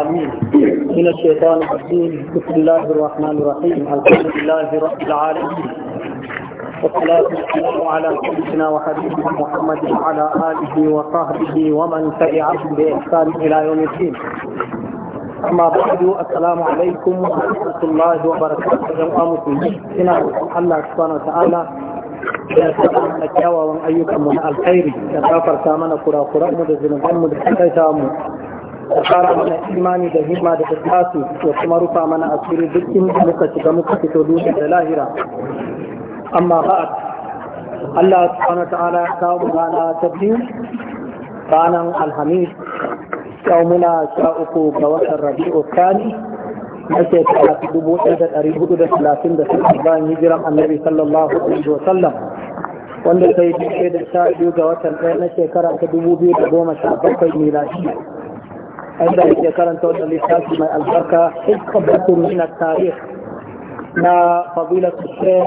أمين من الشيطان الرجيم بسم الله الرحمن الرحيم الحمد لله رب العالمين والصلاة والسلام على سيدنا وحبيبنا محمد وعلى آله وصحبه ومن تبعهم بإحسان إلى يوم الدين أما بعد السلام عليكم ورحمة الله وبركاته يا مسلمين الله سبحانه وتعالى da saka mana kyawawan ayyukan mu na alkhairi da gafarta mana kurakuran mu da zunuban mu da takaita mu da fara mana imani da himma da ikhlasu da kuma rufa mana asiri duk inda muka shiga muka fito duniya da lahira amma ba'ad Allah subhanahu wa ta'ala ya kawo mu rana ta biyu ranar alhamis yau muna sha uku ga watan rabi'u thani na shekara dubu ɗaya da ɗari hudu da talatin da suka bayan hijiran annabi sallallahu alaihi wa sallam wanda sai daidai da sha biyu ga watan ɗaya na shekara ta dubu biyu da goma sha bakwai miladiya عند الشكران تود الإحساس من البركة إذ من التاريخ نا فضيلة الشيخ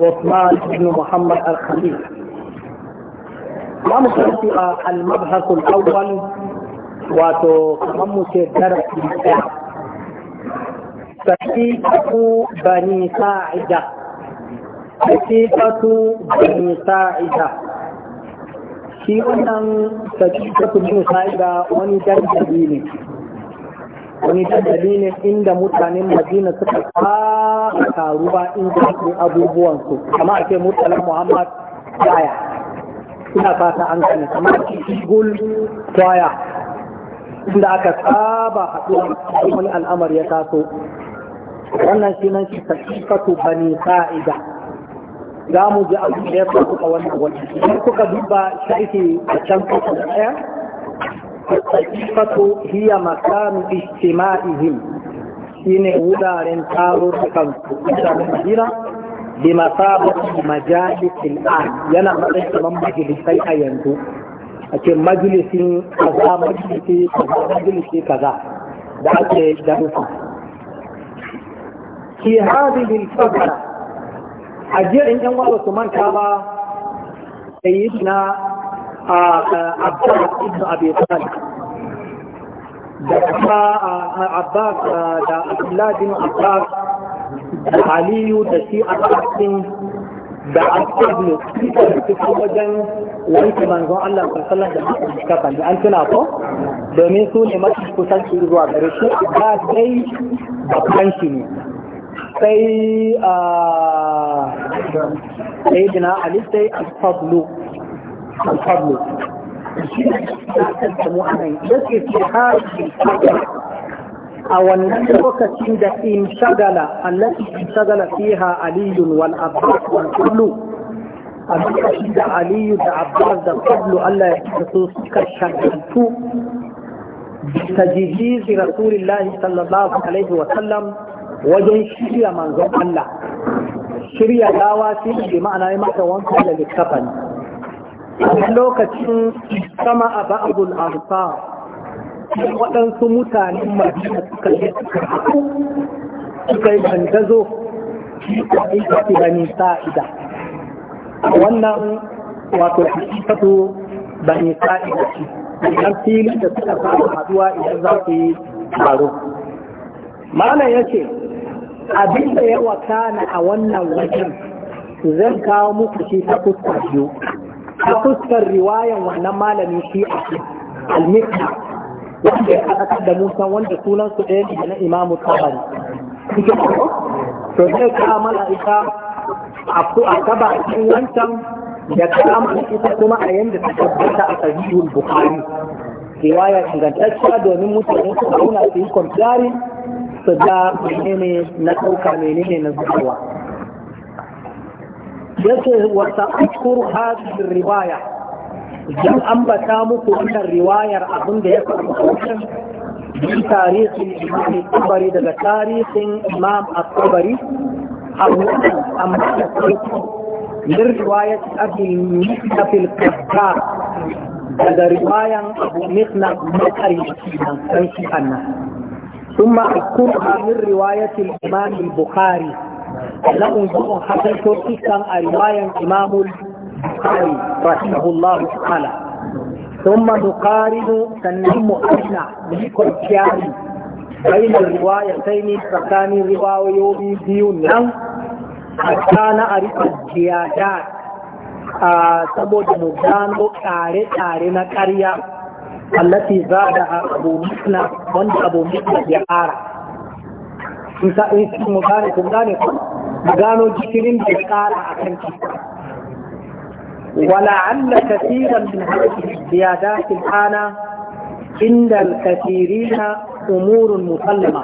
عثمان بن محمد الخليل المبحث الأول واتو خمس درس بني ساعدة سكيفة بني ساعدة shi wannan sakitatu bin ga wani dandali ne wani dandali ne inda mutanen madina suka fara taruwa inda su abubuwansu kama ake mutanen muhammad yaya ina fata an kama ake shigul kwaya inda aka saba haɗuwa wani al'amari ya taso wannan shi nan shi sakitatu bani sa'ida za mu ji abu da kuka wannan wani idan kuka duba sharhi a can kuka da ɗaya Sifatu hiya makanu ijtima'ihim shine wuraren tarurrukan su mutanen Madina bi masabati majalisil an yana matsayin kaman majalisai a yanzu a ce majalisin kaza majalisi kaza majalisi kaza da ake darufa fi hadhihi al-fatra a jiya in wasu su manta ba yi na Abbas ibn Abi da kuma Abbas da Abdullah Abbas da Aliyu da shi a din da Abbas ne su fito wajen wanke manzon Allah sallallahu da suka da an tuna ko domin su ne mafi kusanci zuwa gare shi ba dai babban shi ne sai a sayidina ali sai alfablu alfablu shi ne na tattamu a nan yake ce har a wannan lokacin da in shagala allati in shagala fiha aliyun wal abbas wal kullu a lokacin da aliyu da abbas da kullu Allah ya kira su suka shagaltu tajhizi rasulillahi sallallahu alaihi wa sallam wajen shirya manzon Allah shirya gawa shi ne ma'ana ya mata wanka da littafan a lokacin sama a ba'abul amsa waɗansu mutanen madina suka yi suka yi bandazo a yi bani sa'ida wannan wato hakikatu bani sa'ida ce idan filin da suka samu haɗuwa idan za su yi taro malam ya ce abin da ya wakana a wannan wajen zan kawo muku shi ta fuskar biyu ta fuskar riwayan wannan malami shi a almika wanda ya haɗa da musa wanda sunan su ɗaya da na imamu tabari to zai kawo mana ita a a cikin wancan da kawo mana kuma a yanda ta tabbata a sahihul bukhari riwaya ingantacciya domin mutane su auna su yi kwamfiyarin su ga menene na ɗauka menene na zuwa yace wata ashkuru hadhihi riwaya dan ambata muku wannan riwayar abin da ya faru Imam تاريخ الإمام a wani تاريخ إمام Riwaya ta أما من رواية أبي مخنف الكذاب ده رواية أبو na مكري كان شيئا ثم أذكرها من رواية الإمام البخاري لأنظر حسن تركيكا رواية الإمام البخاري رحمه الله تعالى ثم نقارن سنم أجنع لكل كياري بين الروايتين فكان رواية ديون نعم حتى نعرف الزيادات saboda mu gano tsare-tsare na allati zadaha abu musna wanda abu musna ya ƙara in gano jikirin da ya ƙara a kan ki ولعل كثيرا من هذه الزيادات الآن عند الكثيرين أمور مسلمة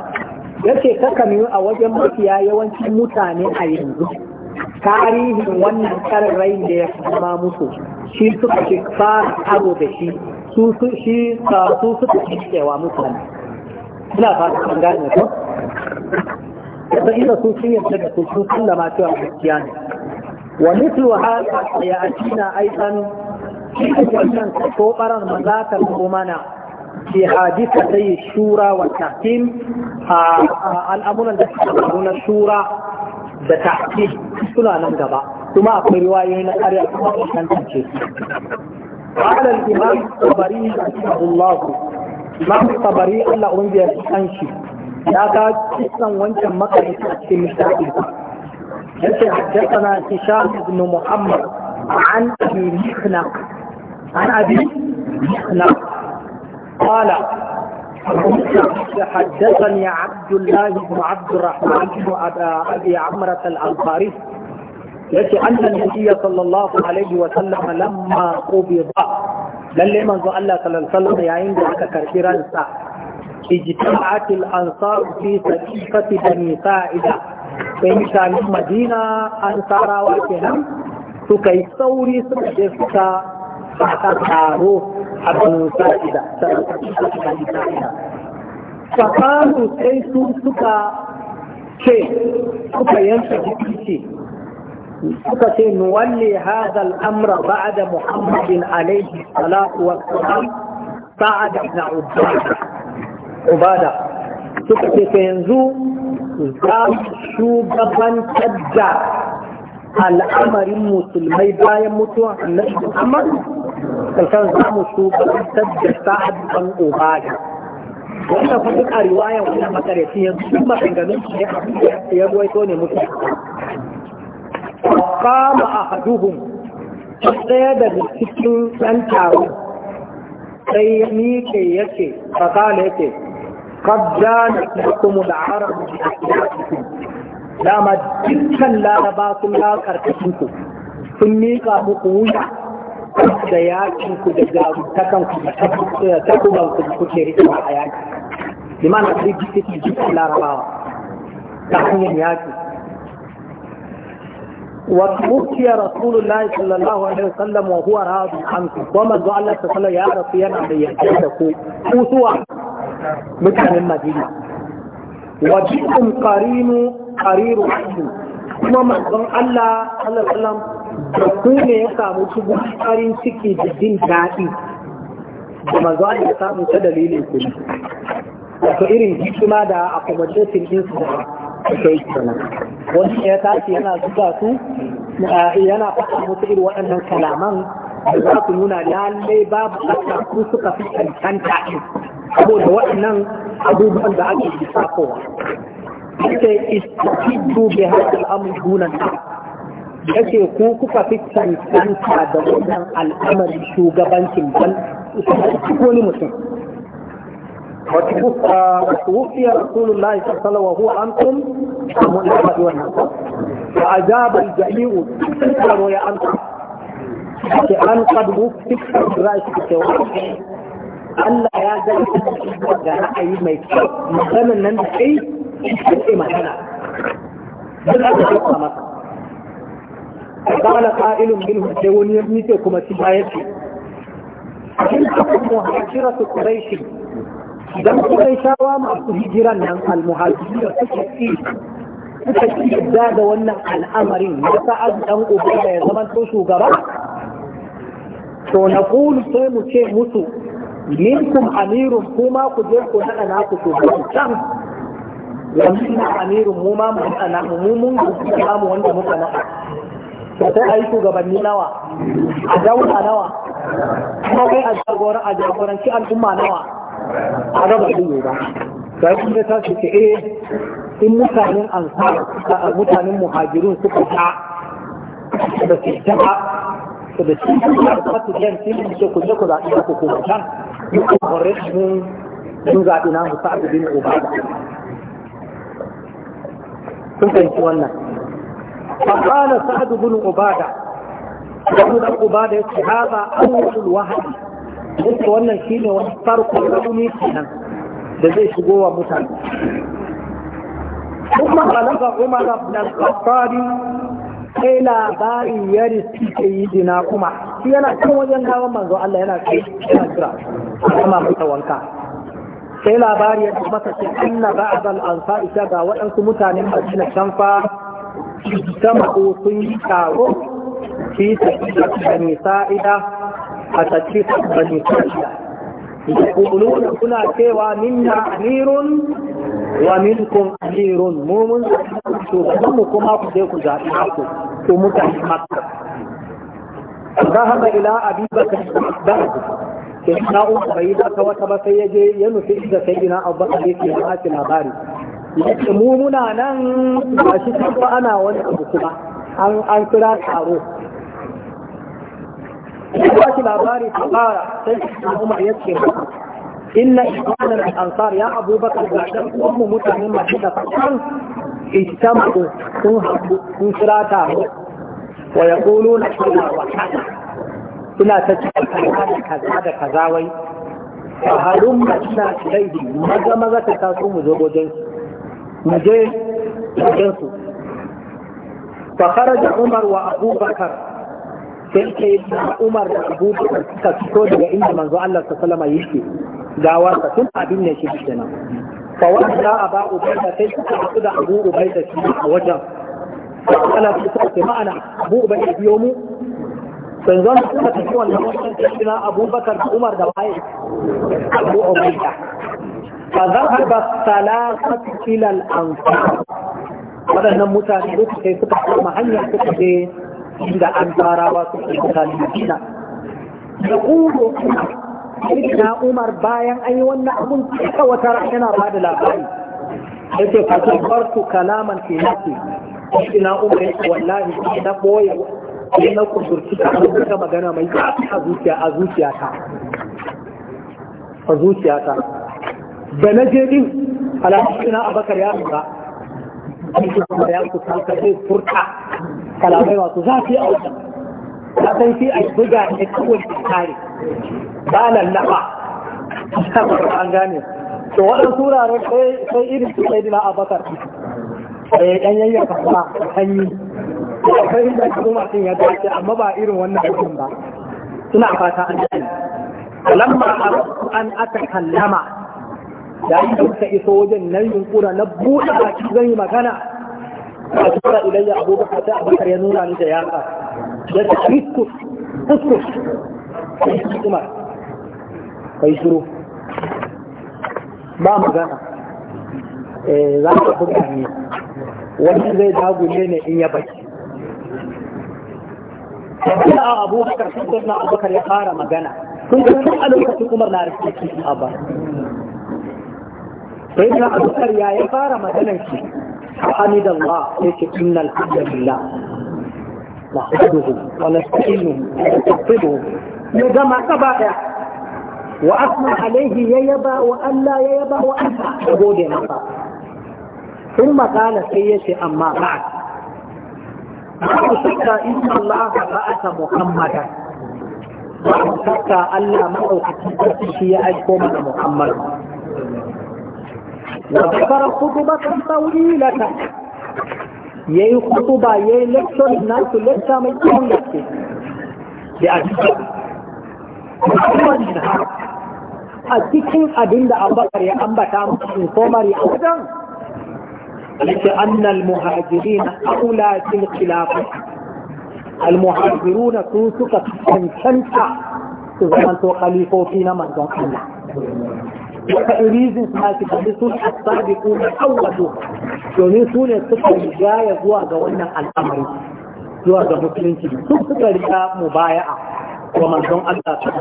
yace kakan yi a wajen mafiya yawancin mutane a yanzu tarihin wannan karin da ya kuma musu shi suka fara aro da shi su shi shi su su ta cewa mutane ina fata kan gane ko da inda su sun yarda da su sun sallama cewa gaskiya ne wa mithlu hada ya atina aidan wannan ko baran mazakar mana fi hadisa sai shura wa tahkim al'amuran da suka faru shura da tahkim suna nan gaba kuma akwai riwayoyi na ƙarya kuma kan tantance قال الإمام الطبري رحمه الله الإمام الطبري الله أنزل أنشي يا كاد إسلام وانت مكة في مشتاقه يسي حدثنا هشام بن محمد عن أبي مخنق عن أبي مخنق قال حدثني عبد الله بن عبد الرحمن بن أبي عمرة الأنصاري yace annan nabiyya sallallahu alaihi wa sallam lamma qubida lalle manzo Allah sallallahu alaihi wasallam yayin da aka karbi ransa ijta'at al-ansar fi saqifati bani sa'ida sai mutane Madina ansarawa kenan suka yi sauri suka je suka aka taro a bani sa'ida sai su suka ce suka yanka jiki نولي هذا الأمر بعد محمد عليه الصلاة والسلام بعد ابن عبادة عبادة تكتنزو فينزو زام شوغبان تجا الأمر المسلمي بايا متوى النبي محمد فكان زام شوغبان تجا سعد بن عبادة wannan fa duk a riwayan wannan makareci yanzu duk maganganun ya ya ruwaito ne mutu faƙama a haduhun ɗaya daga cikin ɗan taron sai ya miƙe yake faƙala yake kabda na kuma da arabu da cikin dama dukkan laraba sun lakarkashin ku sun miƙa muku wuya da yakin ku da jarumtakan ku da takuban ku da kuke rikewa a yaki. Imana sai gisi ke jikin larabawa ta hanyar yaki وتوفي رسول الله صلى الله عليه وسلم وهو راض عنك وما زال الله صلى يا رسول يا نبي ku suwa mutanen Madina wa قرين قرير qariru kuma manzon Allah sallallahu da ku ne ya samu cikin farin ciki da jin daɗi da manzon Allah ya samu ta dalilin ku to irin hikima da a din su da kai kenan wani ya tashi yana zuba su yana faɗa musu irin waɗannan kalaman da za ku nuna lallai babu ƙasa ku suka fi cancanta ɗin saboda waɗannan abubuwan da ake yi lissafowa ake istafiddu bi hadal amr ta yake ku kuka fi cancanta da wannan al'amarin shugabancin ban wani mutum وتوفي رسول الله صلى الله عليه وسلم وهو أنتم مؤمنون فأجاب الجحيم تكرم يا أنتم كأن قد وفيت رأيك في التوحيد ya يا da اي ما kyau maganan nan da kai da ke magana قال قائل منهم سيوني يبنيته مهاجرة قريش idan kuka kurai shawa masu hijiran nan almuhajiri da suke ci suka ci yadda da wannan al'amarin da ta sa'ad dan ubaida ya zama to shugaba to na kulu sai mu ce musu minkum amirun kuma ku je ku nada naku shugaban can wa minna amirun mu ma mu nada namu mu mun ga mu wanda muka nada to sai ayi shugabanni nawa a daula nawa kuma kai a jagoranci al'umma nawa a raba ɗin ba sai kuma ta ce eh in mutanen ansar mutanen muhajirun suka ta da su ta da su ta da su yan tilin ce ku ku zaɓi ku kuma can muka kore mun mun zaɓi na musa a bin ubada sun fahimci wannan فقال سعد بن عبادة سعد بن عبادة هذا أول وحي yake wannan shi ne wani farko rauni kenan da zai shigo wa mutane kuma balaga umar ibn al-khattab sai labari ya ke yi dina kuma shi yana kan wajen gawan manzo Allah yana kai yana kira kama masa wanka sai labari ya kuma ta ce anna ba'd al-ansar ita ga waɗansu mutanen Madina can fa ta mako sun yi taro yi ta da nisa'ida a tsaki tabbani kansa da kuɗulu da kuna cewa na, amirun wa kun, amirun mu mun shugaban mu kuma ku je ku zaɓi haku ko mutane makka ذهب إلى أبي بكر بعد إثناء قريبة وتبا سيجي ينفي إذا سيدنا أبو بكر في رأس الأباري لكمومنا نن أشتك أنا وأنا أبو كما أن أنكرا تعروف ba shi labari ta ƙara, sai na umar ya ce inna ikwanan al'ansar ya abubakar da ɗan uwanmu mutanen madina kan istamu sun haɗu sun kira wa ya ƙulu na suna wahala suna ta cikin kaza da kaza da kaza wai a harun madina laifi maza maza ta taso mu zo wajen mu je wajen su fa kharaja umar wa abubakar sai Umar da Abu Bakar suka fito daga inda manzo Allah sallallahu alaihi wasallam yake gawa sa tun abin ne shi kenan fa wanda Abu Ubaida sai suka fito da Abu Ubaida shi a wajen ana suka ce ma'ana Abu Ubaida biyo mu sai zan suka tafi wannan wajen sai na Abu da Umar da waye Abu Ubaida fa zahaba salasatu ila al-ansar wadannan mutane duk sai suka kama hanya suka je inda an farawa su ke mutane jina. da ƙuro na Umar bayan an yi wannan abun ta wata yana ba da labari "Ka fa tabbartu kalaman ke fi nafsi ina Umar yace wallahi na ɓoye sai na kusurci ta rubuta magana mai a zuciya a zuciyata a zuciyata da na je din ya lura aiki kuma ya su kanka zai furta kalamai masu zafi a wajen ka san shi a buga ne kawai da kare ba lallaba an gane to waɗansu wuraren sai irin su sai dina abakar eh dan yayyafa ba hanyi akwai inda kuma sun ya dace amma ba irin wannan aikin ba suna fata an sani lamma an aka kallama da yi da suka iso wajen nan yunkura na buɗe a cikin zan yi magana a tura ilayya abubakar ta abubakar ya nuna ni da yaka da ta fiskus fiskus kai kuma kai shiru ba magana eh za ka buga ne wani zai dagu ne in ya baki a abubakar sun na abubakar ya fara magana sun kuma a lokacin umar na rikici a ba sai na abubakar ya ya fara maganar shi hamid Allah sai ce inna alhamdulillah nahmaduhu wa nasta'inuhu wa nastaghfiruhu ya gama gaba daya wa asma alaihi ya yaba wa Allah ya yaba wa anta da gode masa ثم قال amma أما بعد babu shakka in Allah ba'ata Muhammadan babu shakka Allah maɗaukaki shi ya aiko mana Muhammad واذكر خطبك الطويلة يي خطبة يي لكتور الناس لكتا مجموعة لكتور لأجل أتكين أدين أبكر يا أبا تام صومري أبدا لأن المهاجرين أولى في الخلافة المهاجرون توسك أن تنسى إذا أنت وقليفو في نمط الله waɗannan reasons ma su kalli su ne asabiku na awwalu domin su ne suka rigaya zuwa ga wannan al'amari zuwa ga musulunci su suka riga mu baya'a wa manzon Allah ta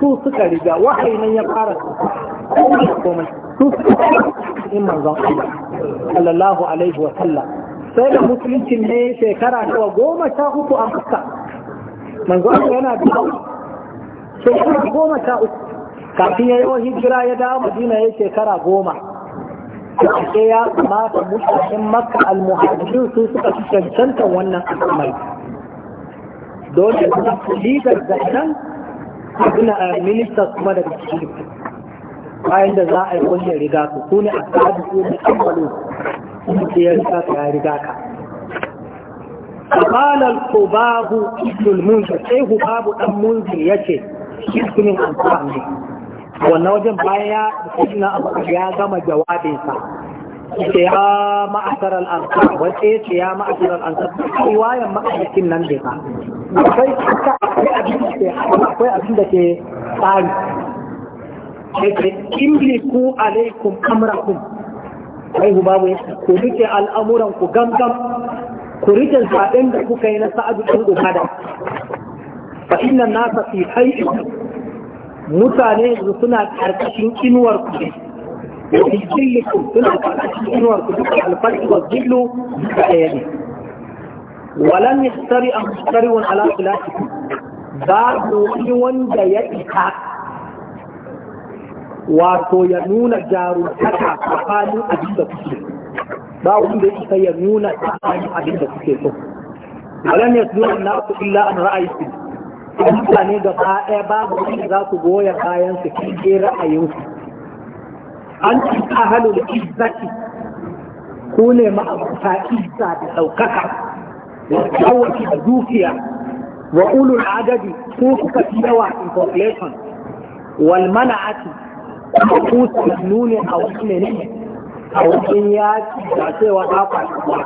su suka riga wahayi ya fara su suka in manzon Allah alaihi wa sallam sai da musuluncin ne shekara nawa goma sha uku a Makka manzon Allah yana da shekara goma sha uku kafin ya yi hijira ya dawo madina ya shekara goma sai ya kamata mutanen makka almuhajirin su suka fi cancanta wannan al'amari dole suna kulidar da nan suna eh, minista kuma daga cikin bayan da za a yi kunyar riga su su ne a sa'adu su ne balo su ya riga ka ya riga ka قال الخباب ابن المنذر ايه خباب ام منذر يتي اسم الانصار wannan wajen baya sayyidina abubakar ya gama jawabinsa ce ya ma'asar al'ansar wace ce ya ma'asar sai wayan ma'aikin nan da ba akwai kuka akwai abin da ke akwai abin da ke tsari yake imliku alaikum amrakum kai ku babu yake ku rike al'amuran ku gangan ku rike zaben da kuka yi na sa'adu ɗan ubada fa inna nasa fi hai'ikum mutane yanzu suna ƙarƙashin inuwar kuɗi. fi jillikum suna ƙarƙashin inuwar kuɗi, a alfarki wa jillu duka ɗaya ne walan ya tsari a mustari wani ala filatikum ba yi wanda ya isa wato ya nuna a tsakanin abin da kuke ba wanda isa ya nuna tsakanin abin da kuke so walan yastari an nasu illa an ra'ayi a mutane gaba ɗaya babu wanda za ku goya bayan su kike ra'ayinsu an ci ahalul izzati ku ne ma'abuta izza da ɗaukaka da kawaki da dukiya wa ulul adadi ko kuka fi yawa in population wal mana'ati ku sannu ne a wani ne a wajen yaƙi da cewa ba ku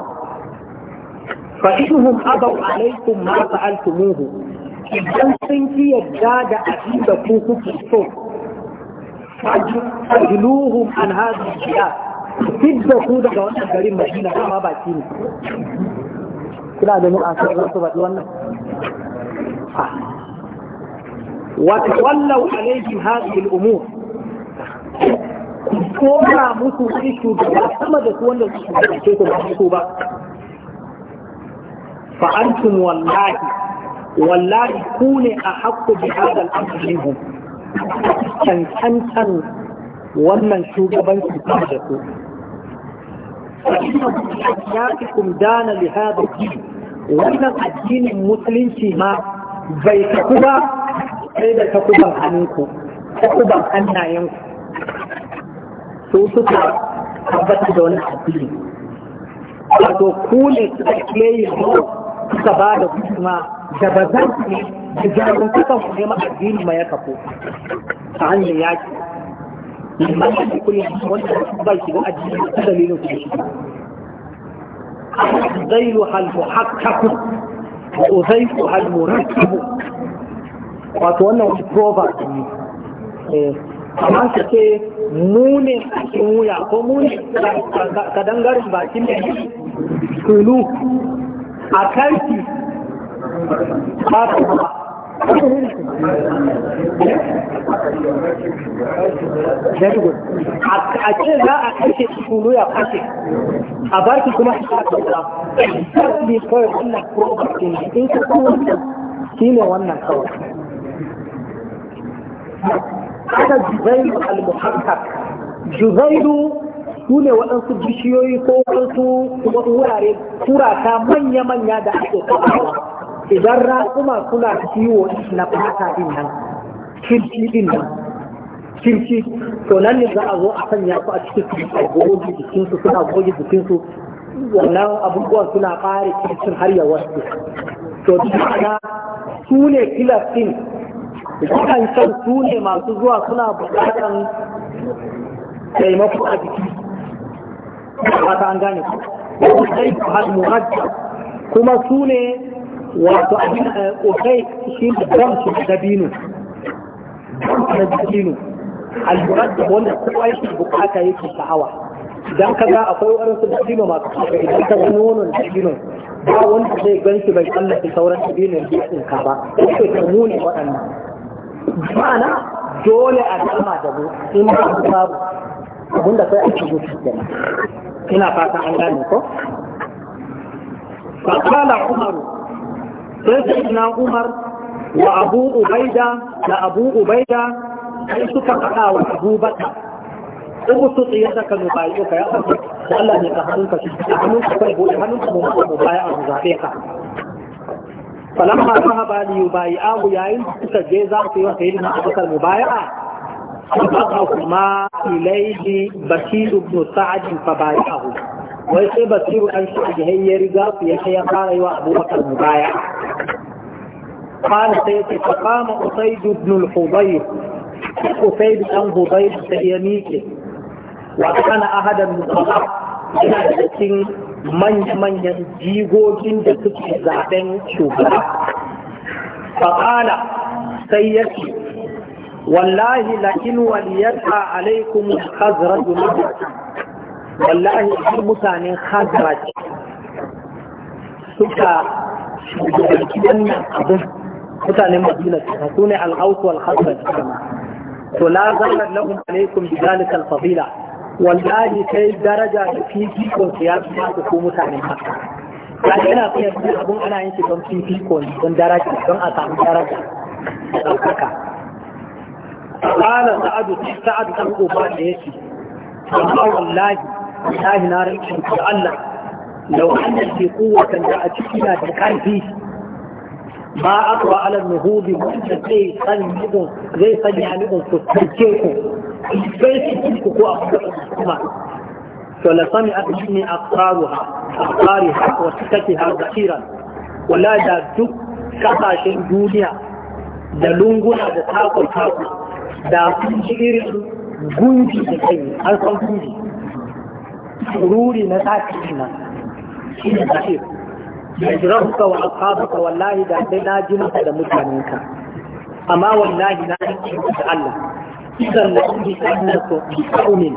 fa inhum abaw alaikum ma fa'altumuhu idan sun ki yadda da abin da ku kuke so fajluhum an haɗu hadhihi fit da ku daga wannan garin Madina kama baki ne kuna da mun asa su baɗi wannan wallau a alaihim haɗu al'umu Ku koma musu wani shugaba sama da su wanda su shugabance su ba su ba fa'antum wallahi wallahi ku ne a haƙƙo bi hadal amrihum cancantan wannan shugabanci ta da su ya yaqikum dana li hada wannan addinin musulunci ma bai tafi ba sai da takuban hannunku takuban hannayenku su suka tabbata da wannan addini wato ku ne suka kiyaye suka ba da kuma da ba zan su ne da jarumtakan ku ne ma'addini ma ya kafo ta hanyar yaki ba da ku kuri wanda su ba shiga addini ta dalilin ku shi zai hal muhakkaku a zai hal murakkabu wato wannan wani proverb ne eh, amma su ce mu sun cikin wuya ko mu ne kadangarin bakin da tulu a kanki a ce za a kashe tulu ya kashe a barki kuma shi ta kasa ne kawai wannan property ne in ka kuma shi ne wannan kawai aka al su ne waɗansu bishiyoyi ko waɗansu wurare kurata manya-manya da ake kawo idan raƙuma suna kiwo na fata ɗin nan kirki ɗin nan kirki to nan ne za a zo a sanya su a cikin su a goge jikinsu suna goge jikinsu wannan abubuwan suna ƙare kirkin har ya su to duk su ne filastin din su ne masu zuwa suna buƙatan taimako a jiki haka an gane ku usai al muhajjab kuma su ne wato abin eh, usai shi ne gamsu da dabino gamsu da dabino al muhajjab wanda kowa yake bukata yake sha'awa idan ka ga akwai waɗansu dabino masu kafa idan ka gani wannan dabino ba wanda zai gan shi bai shi sauran dabinon da ya tsinka ba ko ta muni waɗannan ma'ana dole a dama da mu in ba su babu abinda sai ake gudu kenan ina fata an gane ko fakala umaru sai sai na umar wa abu ubaida da abu ubaida sai suka faɗa wa abu bata ubu su tsaye da kanu bayo ka ya faɗi da Allah ne ka hannun ka shi a hannun ka kai buɗe hannun ka mu mu baya a zabe ka falamma sahaba li yubayi'ahu yayin suka je za su yi wa mu baya? mubaya'a ma ilaihi basiru ibn sa'd fa bayahu wai sai basiru an shi a gehen ya riga su ya kai ya fara yi wa abubakar baya kana sai ce fa kama usaidu ibn al-hudayr usaidu an ta iya miƙe wa kana ahadan mutaka yana da cikin manya-manyan jigogin da suke zaben shugaba fa sai ya ce wallahi la in waliyata alaikum khazraj wallahi in mutanen khazraj suka shugabanci wannan abin mutanen madina su ne al-aus wal khazraj to la zarar lahum alaikum bi zalika al-fadila wallahi sai daraja da fifikon su ya fi ku mutanen haka ya ina fiye abun ana yin shi don fifikon don daraja don a samu daraja da ɗaukaka قال سعد سعد بن عباد يسي amma wallahi wallahi na rikin da Allah law anna ke kowace da a na da karfi ba aqwa ala nuhudi mutum zai sanya idon zai sanya idon su ku sai su ko a kuma فلسمعت مني أقطارها أقطارها وسكتها كثيرا wala da duk كفاشين duniya da lunguna da takon تاكو da kun irin gunji da kai an san gunji ruri na sati nan shi ne bashir yajrabuka wa ashabuka wallahi da sai na ji maka da mutanenka amma wallahi na ji da Allah idan na ji annaku bi qaumin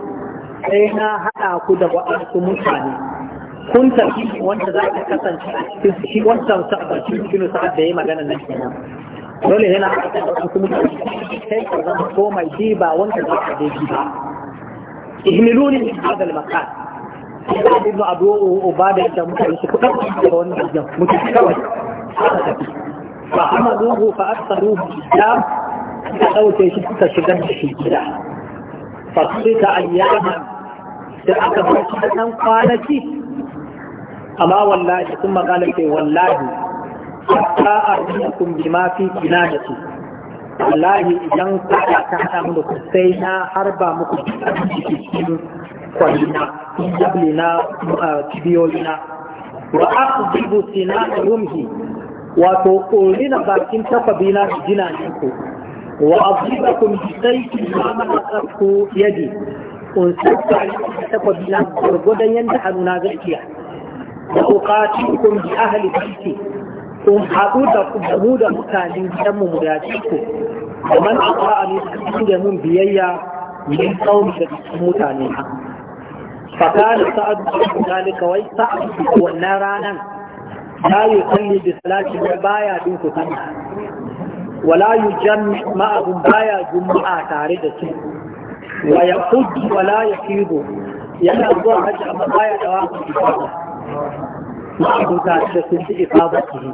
sai na hada ku da wa'ansu mutane kun tafi wanda za ka kasance a cikin shi wancan sa'ad cikin shi ne sa'ad da yayi magana na shi dole yana wasu mutane sai ka zama ko mai ji ba wanda za ka je ji ba ihmiluni min hadal makan ibn abu ubada da mutane su kuɗa da wannan hajjan mutane kawai fa amaluhu fa aktharuhu islam ka dauke shi suka shigar da shi gida fa sita ayyaman da aka bar shi dan kwanaki amma wallahi sun kana ce wallahi hatta arjukum bima da kinanati wallahi idan kada ta haɗa muku ku sai na harba muku cikin kwalina jablina kibiyoyina wa aqdibu sinana rumhi wato na bakin takwabina jina ku wa azibakum bi sayfi ma malakatu yadi kun sabba takwabina gurgudan yanda na zai iya wa uqatikum bi ahli baiti kun haɗu da mu da mutane can mu da ku Kamar a akwara ne su da mun biyayya yin tsawon da cikin mutane ha fakana sa'ad su zalika wai sa'ad wannan ya yi kalli da salati wa baya din ku sallah wala jan ma'ahum baya juma'a tare da su wa ya yaqud wala ya yafidu yana zuwa hajji amma baya dawa ku ma'abuta da sun ci ifadatihi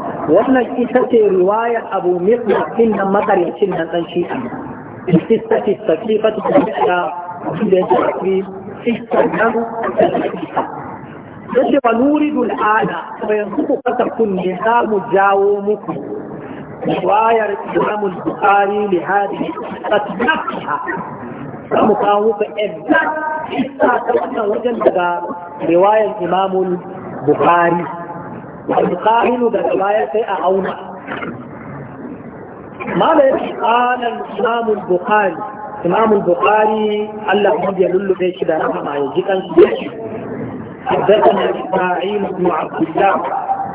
wannan ita ce riwayar abu misra din nan makarincin nan dan shi الستة التكليفة تتبعها وفي التكليف استخدام التكليفة يجب ونورد الآلة وينطق فتكون نظام جاومكم رواية الإمام البخاري لهذه تتبعها ومقاومة إبداع حتى توجه رواية الإمام البخاري والقائل ذا لا يستطيع أونا ما لك قال الإمام البخاري إمام البخاري الله قد يلل في كده رحمة يجيكا حدثنا إسماعيل بن عبد الله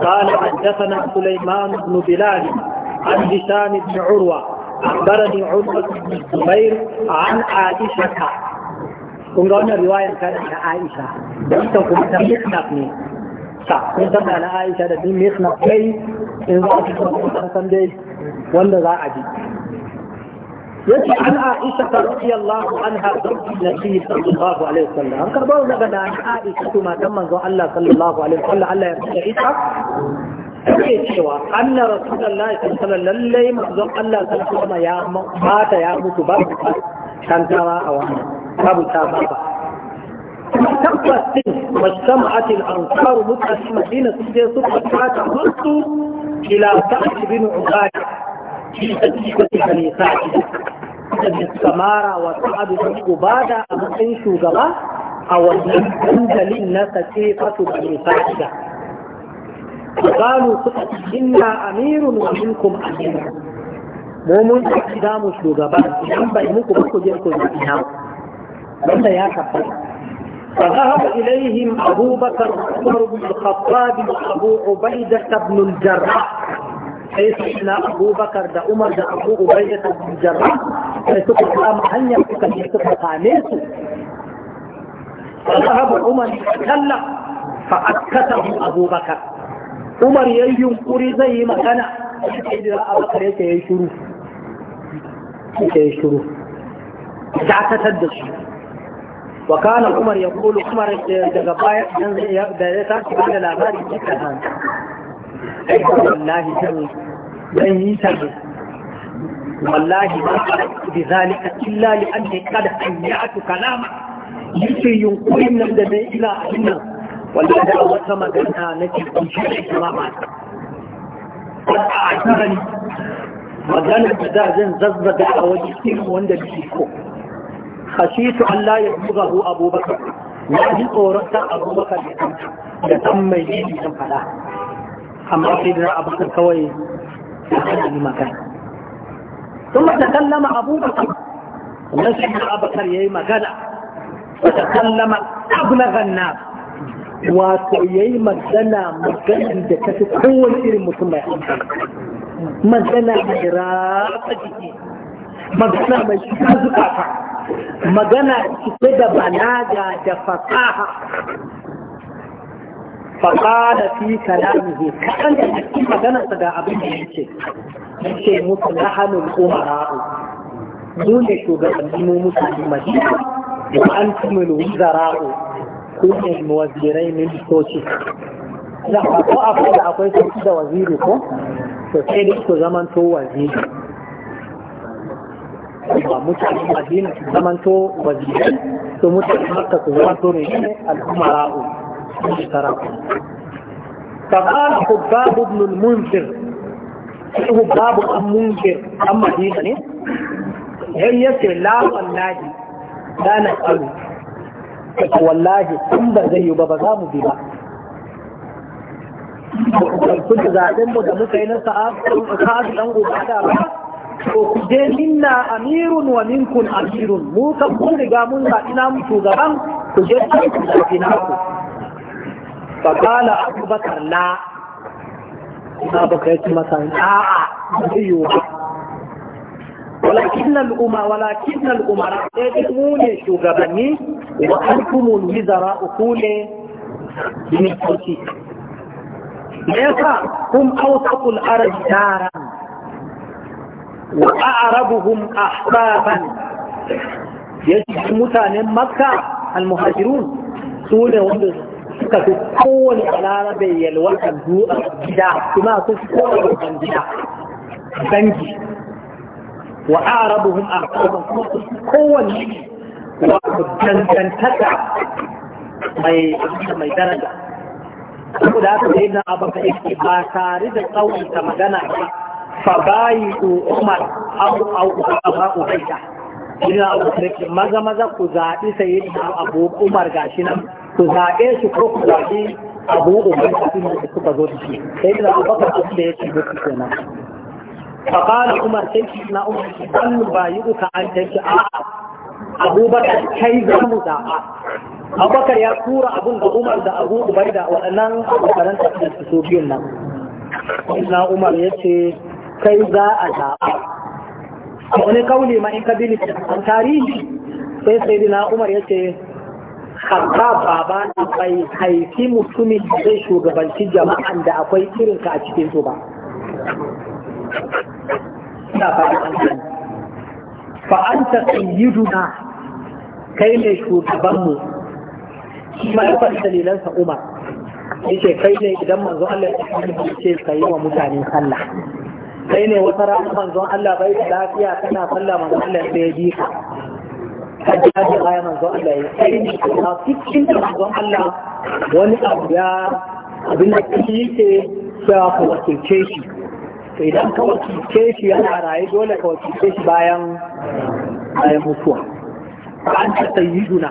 قال حدثنا سليمان بن بلال عن هشام بن عروة أخبرني عروة بن الزبير عن عائشة kun ga wannan riwayar ta da Aisha da ita kuma ta mutnaf ne ta kun san na Aisha da din mes na kai in za ki kuma san dai wanda za a ji yace an Aisha radiyallahu anha zauji Nabi sallallahu alaihi wasallam an karba daga da Aisha kuma kan manzon Allah sallallahu alaihi wasallam Allah ya tsaya ita suke cewa anna rasulullahi sallallahu alaihi wasallam lallai manzon Allah sallallahu alaihi wasallam ya mata ya mutu ba kantawa a wannan babu ta ba واجتمعت الأنصار متأسمة بين سجد صفحة وصلوا إلى سعد بن عبادة في تجيبة بني سعد من السمارة وسعد بن عبادة ام أمسين شوغبا أو ان الناس كيفة بني سعد وقالوا إنا أمير ومنكم أمير مومن أقدام شوغبا إنهم منكم أخذ يأكل الإنام ماذا يا كفر فذهب إليهم أبو بكر عمر بن الخطاب وأبو عبيدة بن الجراح حيث إن أبو بكر ده عمر ده أبو عبيدة بن الجراح حيث قام أن يفك يفك فذهب عمر يتكلم فأكته أبو بكر عمر ينكر زي ما كان سيدنا أبو بكر يشرف يشرف جعتت الدشي وكان عمر يقول عمر دغبايا da ya tashi ba da labarin cikin hannu wallahi zan yi ta ne wallahi ba a bi zalika illa li an ne kada an yi atu kalama yake yunkurin nan da na ila a nan wallahi da wata magana na ke kunshi da ita ma ba a tsarani magana da da zan zazzaga a wajen wanda biki ko khashitu an la yabughahu abubakar ya ji tsoron ta abubakar da san mai ne da fada amma sai da abubakar kawai ya ثم تكلم أبو بكر ونسمع أبو بكر يا مجدع فتكلم أبلغ الناس وتعيي مجدنا مجدنا دكتة كل إير مسمى مجدنا إراقة جديد magana mai shiga zukata magana cike da balaga da fasaha fasaha fi ne kaɗan da cikin maganarsa da abin da yake yake musu hannun umaru su ne shugabanni mu mutane madina da an tumul wuzara'u ko ne wazirai ministoci da ko akwai da akwai sarki da waziri ko to sai dai zaman to waziri al'umma mutane madina su zamanto wazirai su mutane makka su zamanto ne shine al'umara'u su sarafu فقال حباب بن المنذر حباب بن المنذر أما دينا هي يسر لا والله لا نسأل والله كل زي ببغام بما كنت زعلان da muka yi na sa'ad ɗan ubada ba to ku je minna amirun wa minkun amirun mu ka kun riga mun ina mu shugaban ku je kan ku zaɓi naku fa qala abubakar la ina baka yace masa a'a ayyo walakin al'umma walakin al'umara sai eh, dai mu ne shugabanni wa antum wizara ukune min kursi me yasa kum awsaqul ardi daran wa a'rabuhum ahbaban yace mutanen makka almuhajirun su ne wanda suka fi kowane larabe yalwatan gida kuma su fi kowane gida dangi wa a'rabuhum ahbaban kuma su fi kowane wato mai daraja saboda haka abin da ba tare da tsawon magana ba fabayi umar abu abu abu ubaida ina abu sarki maza maza ku zaɓi sayi abu umar gashi nan ku zaɓe su ko ku zaɓi abu ubaida din da suka zo shi abu da kenan فقال عمر سيدي ابن عمر بل بايعك ان تشاء ابو بكر كي زمو ابو بكر يا ابو عمر da ابو عبيده waɗannan abokanan tafiya su so nan kai za a zaɓa wani kauli ma in ka bi an tarihi sai sai dina umar ya ce hatta baba na bai haifi mutumin da zai shugabanci jama'an da akwai irin ka a cikin su ba ina an fa an ta kai ne shugabanmu kuma ya faɗi dalilansa umar ike kai ne idan manzo Allah ya ce kai wa mutane sallah sai ne wata rana manzon Allah bai da lafiya kana sallah manzon Allah sai ya bi ka kaji kaji aya manzon Allah ya sai a cikin manzon Allah wani abu ya abin da yake cewa ka wakilce shi idan ka wakilce shi yana raye dole ka wakilce shi bayan bayan mutuwa an ta sayyiduna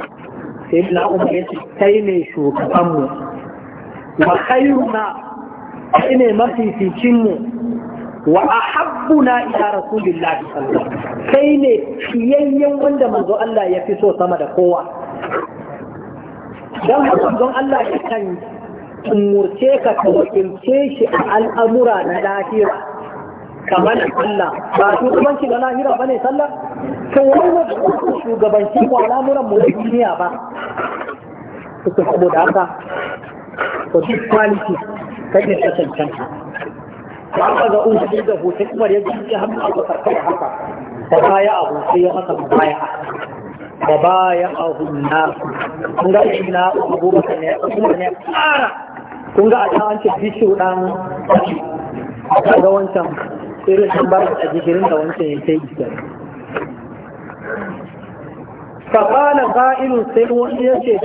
sai na umar ya ce kai ne shugabanmu wa na kai ne mafificin mu wa ahabbuna ila rasulillahi sallallahu alaihi wasallam kai ne fiyayyen wanda manzo Allah ya fi so sama da kowa dan manzo Allah ya kan murce ka ka wakilce shi a al'amura na lahira kamar Allah ba su shugabanci na lahira bane sallah to wannan shugabanci ko al'amuran mu duniya ba to saboda haka to duk quality kake ta. cancanta har ga un shi da hoton kuma ya ji hannu a karkar haka da baya abu sai ya masa baya baya abu na kun ga shi na ne ƙara kun a ta an ce bishu dan ga wancan irin sun a jikirin da wancan ya sai gidan فقال قائل سيد يشهد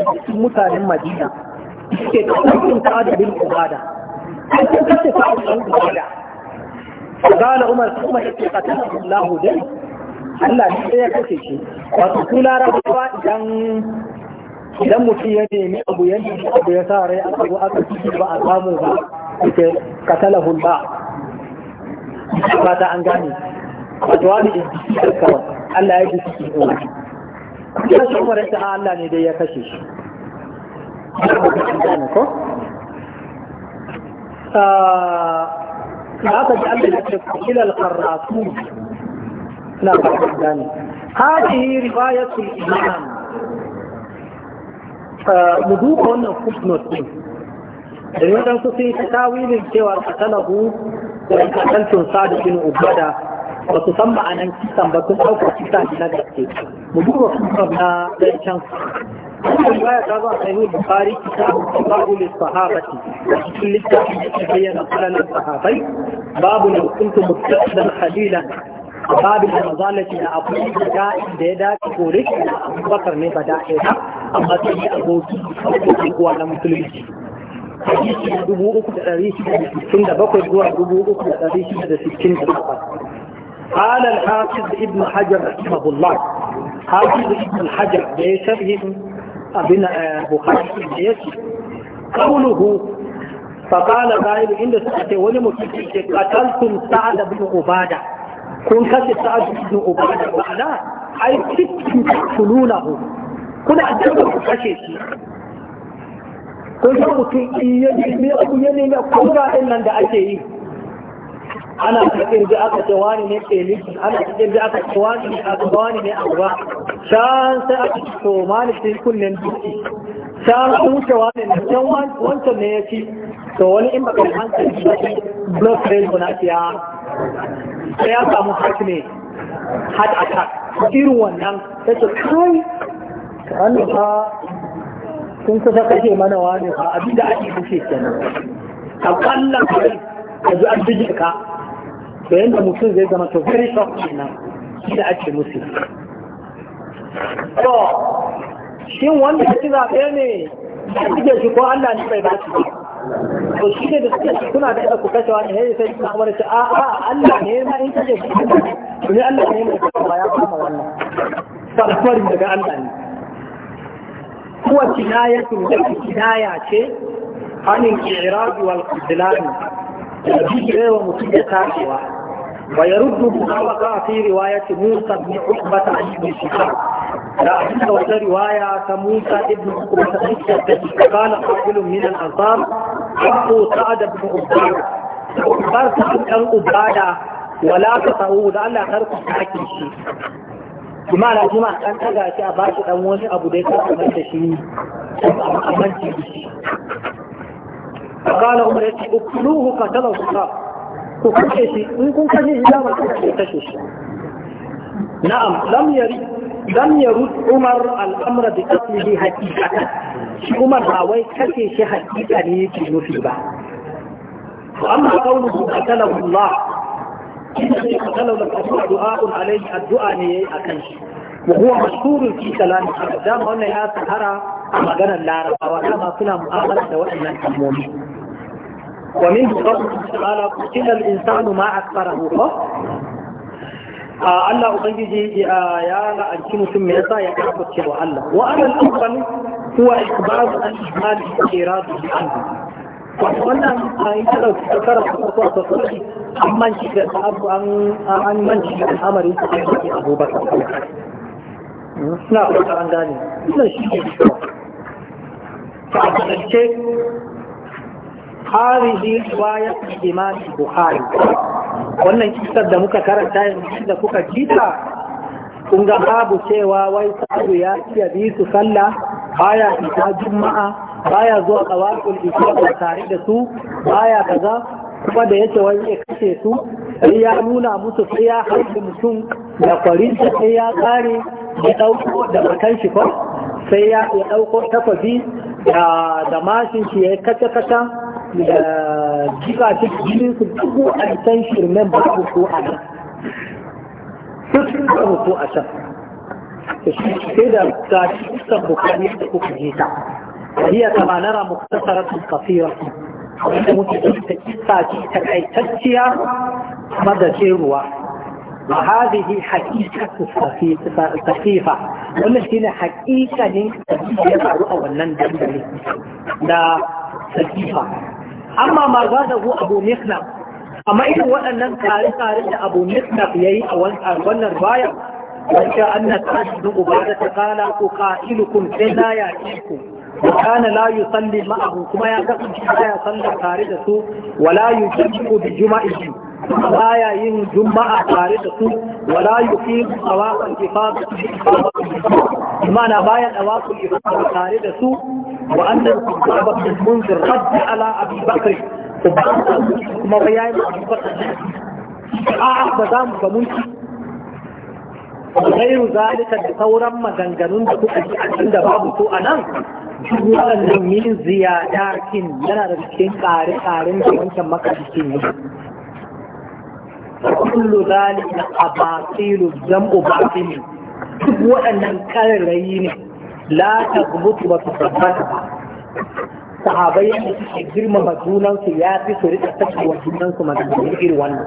يشهد an tabbatar قال عمر ثم قتله الله دي Allah ne sai ya shi wato su larabawa idan idan mutum ya nemi abu ya nemi abu ya sa rai a abu aka ci ba a samu ba ita katalahun ba ba an gane wani Allah ya Allah ne dai ya kashe shi da aka ji Allah ya ce ilal qarratu na ba ta gani hadihi riwayatul imam mu duba wannan footnote din da ne dan su sai tawilin cewa katalahu wa kataltun sadiq bin ubada ba su san ma'anan kisan ba sun ɗauka kisan na gaske mu na dan can الرواية تضع صحيح البخاري كتاب الصفاء للصحابة وكل التي تبين لنا الصحابي باب لو كنت متخذا خليلا باب رمضان التي أقول بدائم بيدا كوريك أبو بكر من بدائها أما تجي أبو بكر ولا مسلمين hadisi na dubu uku da ɗari shida da sittin da bakwai zuwa dubu uku da ɗari shida da sittin da bakwai. قال الحافظ ابن حجر رحمه الله حافظ ابن حجر بشرح abin eh, bukari da ya ce kauluhu fakala zahiru inda suka ce wani mutum ce katantun sa'ada bin ubada kun kashe sa'adu bin ubada ba'ada ai cikin kuluna ku kuna ajiyar ku kashe shi kun ga mutum iya ne mai abu ya nemi kuma nan da ake yi ana cikin da aka ce wani ne ke ana cikin da aka ce wani ne aka wani ne abu ba can sai aka ce to mani sai kunnen duki can sun wuce wani ne can wancan ne ya ci to wani in baka hankali ba blood ko na siya? sai ya samu heart ne heart attack irin wannan sai ce kai wannan fa sun kusa kashe mana wani fa abinda ake kashe kenan akalla kai a ji an bige ka da yadda mutum zai zama to very shock kenan shi da ake musu to shin wanda ya ci zaɓe ne a bige shi ko Allah ne bai ba shi ba to shi ne da suka ci kuna da ku kashe wani ne sai kuma wani ce a Allah ne ma in kaje ku ne Allah ne mai kuma ya kama wannan farfarin daga Allah ne kuwa kinayatun da kinaya ce عن الإعراب والقدلان da bijire wa mutum da tashiwa wa ya rubu mutabaka fi riwayati Musa ibn Uqba ta mai Shihab da abin da wata riwaya ta Musa ibn Uqba ta ibn Shihab kana minan min al-ansar Abu Sa'ad ibn Ubayd Ubar ta dan Ubada wala ka tahu da Allah kar ku hakin shi kuma na jima an taga shi a bashi ɗan wani abu da ya kasance da shi a manci shi فقال عمر يتي اقتلوه قتله الله وكشي شيء ان كنت شيء لا ما كشي شيء نعم لم يرد لم يرد عمر الامر بقتله حقيقه عمر هاوي كشي شيء حقيقه ne yake nufi ba واما قوله قتله الله قتله لك دعاء عليه الدعاء ne akan shi وهو مشهور في كلام الحرب دام وانا يا سهرة مغانا اللارة وانا ما كنا مؤاملة وانا نمومي ومنه قوله تعالى قتل الإنسان ما أكثره Allah Ubangiji ya la'anci mutum mai yasa ya kafa wa Allah wa alal awwal huwa ikbaru an ihmal iradu bi Allah wannan ayi ta dauki tsara ta ta ta amma shi da abu an an manci da al'amarin ta ake Abubakar suna fata an gane wannan shi ta ce hadhihi riwayat imam bukhari wannan kisar da muka karanta yanzu da kuka jita kun ga babu cewa wai sabu ya iya bi su sallah baya ita juma'a baya zuwa tsawakul isra tare da su baya kaza kuma da yake wani ya kashe su sai ya nuna musu sai ya harbi mutum da kwarin sai ya kare ya ɗauko da matan shi fa sai ya ɗauko tafafi da mashin shi ya kata-kata da jiba shi jinin su dubu a can shirmen ba su ko a nan sun ba su ko a can sai da ga cikin bukari da kuka je ta hiya kama nara muktasaratun kafira wanda muke ta kisa ce takaitacciya madashin ruwa وهذه حقيقة سخيفة wannan shine hakika ne ya faru a wannan dandali da sakifa amma ma za da abu miknaf amma irin waɗannan tsare-tsare da abu miknaf ya yi a wannan baya wacce an na tashi da ubada ta kala ku ka'ilukum sai na yaƙi ku وكان لا يصلي معه كما يقصد لا يصلي خارجه ولا يجمع بجمعه ya yin juma'a tare da su wala yuqim tawaful ifada a baya tawaful ifada tare da su wa anna sahaba munzir radd ala abi bakr kuma da abi bakr a'a ba za mu ga mulki غير ذلك تصورا ما غنغنون da kuka a an da babu ko anan wannan ya ziyadatin yana da cikin tsare-tsaren da wancan maka cikin kullu ذلك abatilu jam'u batili duk waɗannan karrayi ne la tazbutu ba su tabbata sahabai yadda suke girmama junansu ya fi su rika sake junansu maganganu irin wannan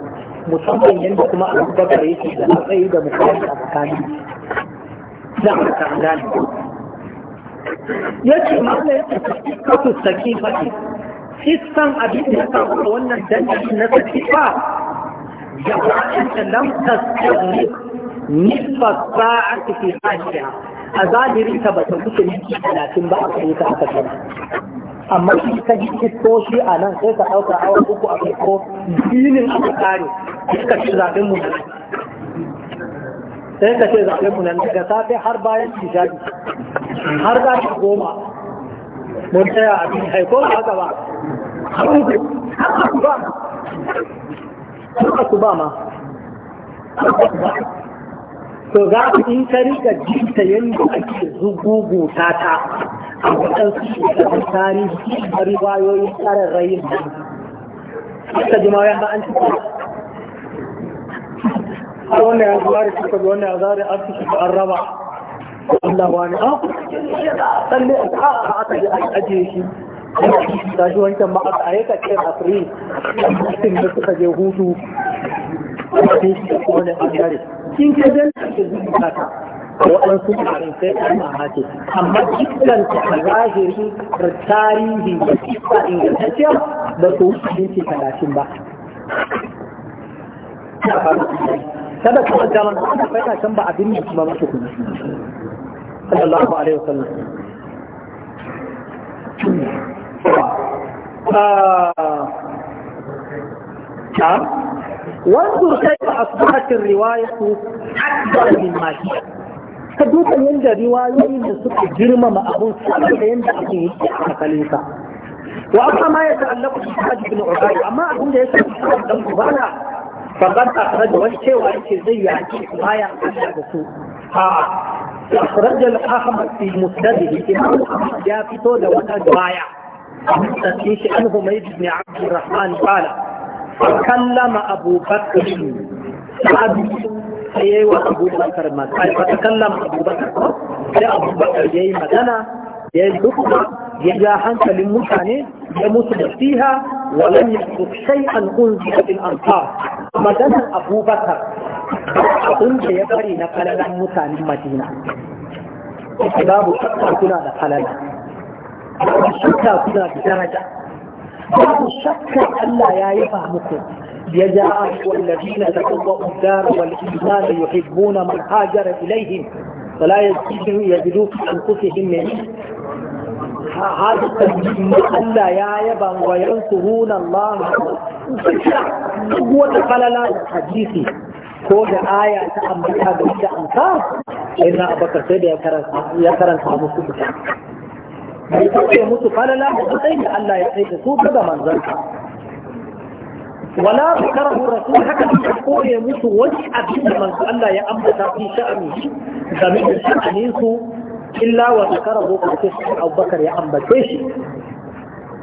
musamman yadda kuma a gaba yake da matsayi da mutane a tsakani da ya ce ya tafi kasu saki fati abin da ya wannan dandali na saki ba jama'anta lam tasbiq nisfa sa'ati fi hashiha a zahirin ta ba ta kusa minti talatin ba a kai ta aka gama amma shi ka ji kiskoshi a nan sai ka ɗauka awa uku a ko dinin aka kare suka ci zaɓen mu sai ka ce mu safe har bayan hijabi har za goma mun tsaya a cikin haiko haka ba kuma su ba ma to za ku in ka rika jinta yadda ake zuguguta ta a waɗansu shekarun tarihi da riwayoyin tsarin rayin nan ta jimawar ba an ci har wannan ya zuwa da suka ga wannan ya zuwa da arti shi an raba Allah wani a tsalle a aka ajiye shi da shi wancan ma a yi cikin da suka je hutu a wani kin ke zan zuwa waɗansu ƙarin sai amma cikin ta zahiri da tarihi da ingantacciya ba su wuce talatin ba kada ka zaman da aka can ba abin da kuma masu kuma sallallahu alaihi wasallam وانظر كيف أصبحت الرواية أكبر مما هي ka duka yadda riwayoyin da suka girmama abun sama da yadda ake yi a hankalinsa wa amma ma ya ta'allaku bi hajji amma abin da ya shafi shi dan ubana fagar akhraja wa cewa yake zai yaki baya da su a akhraja al-ahmad fi musnadihi imam ya fito da wannan baya فيه عن هميد بن عبد الرحمن قال فكلم أبو بكر سعد سيئ وأبو بكر مكان فتكلم أبو بكر يا أبو بكر جاي مدنا جاي دكما يجا حنك للمتاني يموت فيها ولم يترك شيئا أنزل في الأنصار مدنا أبو بكر أنت يبري نقل للمتاني مدينة babu tsakar kula da halala babu shakka kuna da daraja babu shakka Allah ya yi ba muku ya ja'a wallazina taqawwa ad-dar wal iman yuhibbuna man hajara ilayhim ولا يجدوا في انفسهم من هذا التنجيم الا يا يبا وينصرون الله هو تقلل الحديث ko da aya ta ambata da ita da sai na abakar sai da ya karanta musu ita bai ya mutu falala da sai da Allah ya sai da su daga manzansa wala karahu rasul haka da koye mutu wani abin da manzo Allah ya ambata fi sha'ani game da sha'anin su illa wa zakarahu ko sai Abubakar ya ambace shi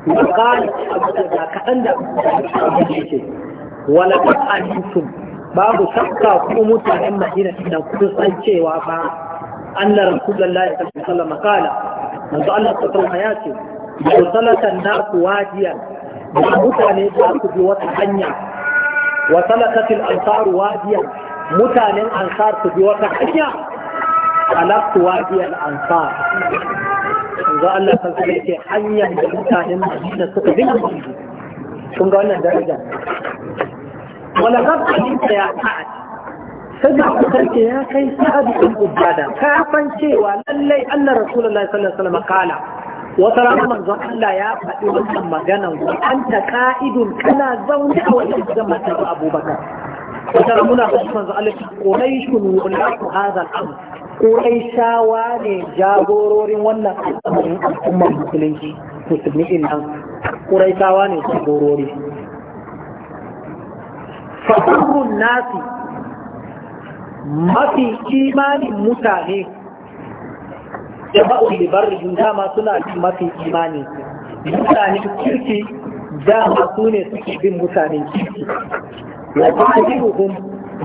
وقال كأن ولقد علمتم باب شقة قومت عن da إن كنت أن رسول الله صلى الله عليه sallam قال manzo Allah ta tsara ya ce da salatan na ku wajiyan da mutane za ku bi wata hanya wa salatatil ansar wajiyan mutanen ansar su bi wata hanya alaqtu wajiyan ansar manzo Allah ta tsara ya ce hanyar da mutanen da suka bi kun ga wannan daraja ولقد علمت يا سعد sai ku sarki ya kai sahabi ɗin ubada ka san cewa lallai Allah Rasulullahi sallallahu alaihi wasallam kala wata rana manzon Allah ya faɗi wannan magana anta qa'idun kana zaune a wajen zaman Abubakar wata rana muna faɗi manzon Allah quraishun wulatu hadha al-amr quraishawa ne jagororin wannan al'amarin al'ummar musulunci musulmi din nan quraishawa ne jagorori fa'urun nasi mafi imanin mutane da ba'ul libarrihim dama suna bin mafi imanin mutanen kirki dama su ne suke bin mutanen kirki wa fa'iluhum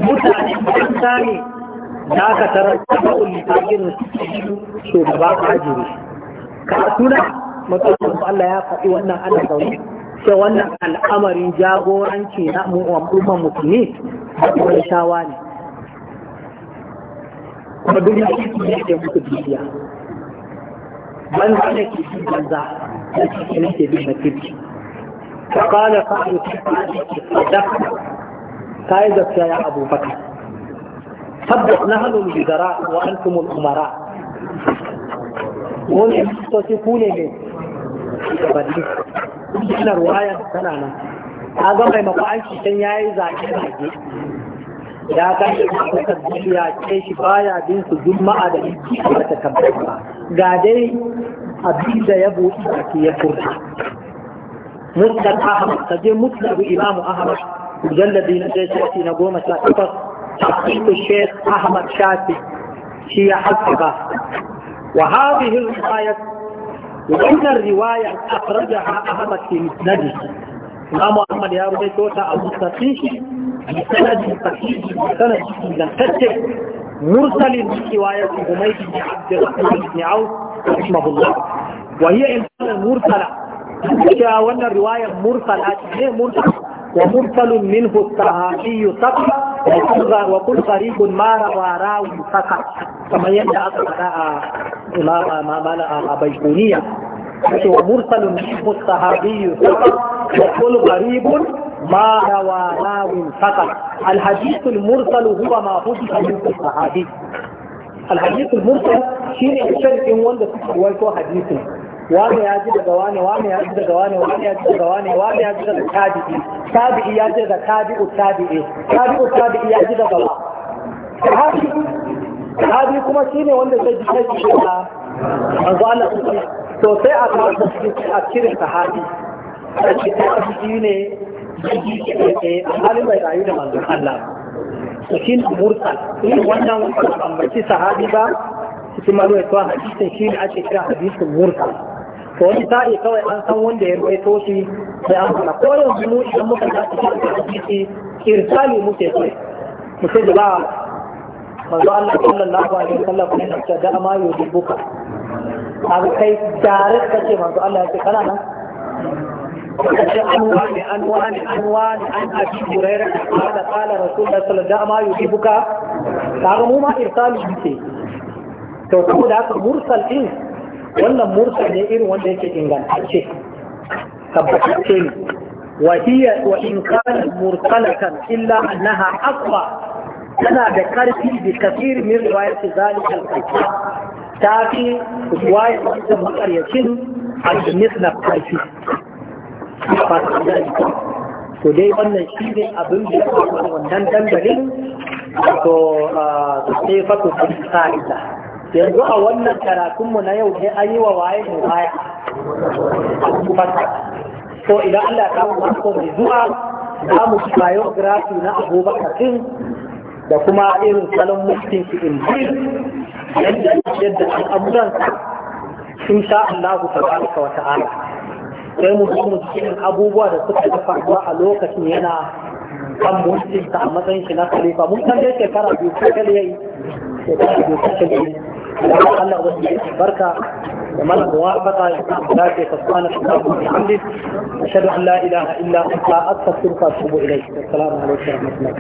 mutanen kirka ne da aka tarar da ba'ul libarrihim su da ba a jiri ka tuna matsalolin Allah ya faɗi wannan ana zaune sai wannan al'amarin jagoranci na mu'amman musulmi da kuma shawa ne kuma duk na shi ne ke musu Ban banza ne ke bin banza da shi ne ke bin na kirki ta kala fa'adu ta fa'adu ke sadaka ta yi gaskiya ya abubakar tabbas na hannun zara wa an kumul umara wani sosai ku ne ne gabanni ina ruwaya tana nan a ga mai mako an shi can yi zaɓe zaɓe ya ga kusan ya ce shi baya bin su juma'a da iki ba ta ga dai abin da ya buɗe a ya furta mutan ahmad ta je mutlabu imamu ahmad mujalladi na sai shafi na goma sha takwas tafsiru shek ahmad shafi shi ya haskaka wa hadhihi al-riwayat wannan riwaya akhrajaha ahmad fi musnadi imamu ahmad ya rubuta ta a mustaqim بسند صحيح بسند مرسل من رواية هميد بن عبد الرحمن بن عوف رحمه الله وهي إنسان مرسلة وأن الرواية مرسلة هي مرسلة ومرسل منه الصحابي سقط وكل غريب ما روى راوي سقط كما يندى أصدقاء إمام مالا أبيكونية ومرسل منه الصحابي سقط وكل غريب ما روى راو فقط الحديث المرسل هو ما حدث من الصحابي الحديث المرسل شيء شرط وند رويته حديث wani ya ji daga wani wani ya ji daga wani wani ya ji daga wani wani ya ji daga tabi'i tabi'i ya ji daga tabi'u tabi'i tabi'u tabi'i ya ji daga wa sahabi kuma shine wanda zai ji shi da manzo Allah to a kawo a cikin sahabi a cikin ne hali bai rayu da ba wannan sahabi ba ya shi ake kira hadisin mursal to wani sa'i kawai an san wanda ya rawaito toshi sai an fara ko yanzu mu idan muka ga cikin hadisi irsali muke kai mu sai da ba manzo Allah sallallahu alaihi wasallam ne da ma yudibuka abu kai direct kace manzo Allah ya ce kana kace an wani an wani an wani an abi hurairah qala qala rasulullah sallallahu alaihi wasallam ma yusibuka mu ma irsali yake to kuma da haka mursal din wannan mursal ne irin wanda وهي وإن كانت مرسلة إلا أنها أقوى أنا ذكرت بكثير من رواية ذلك الكتاب تأتي رواية مقر يتم المثنى الكيفي ba ta gani to dai wannan shi ne abin da ya faru wannan dandalin to sai fatu ta sa'ida yanzu a wannan karatunmu na yau sai an yi wa waye mu baya to idan Allah ya kawo mako mai zuwa za mu biography na abubakar din da kuma irin salon mulkin su in yadda yadda al'amuransa in sha Allah ku tabaraka wa ta'ala sai mu ji mu abubuwa da suka ta faruwa a lokacin yana kan mulkin ta a matsayin shi na khalifa mun san dai shekara biyu ko kale yayi shekara biyu ko kale yayi Allah wasu ya barka da mana muwafaqa ya ta dace ta subhana Allah alhamdulillah ashhadu an la ilaha illa anta astaghfiruka wa atubu ilayk assalamu alaikum wa rahmatullahi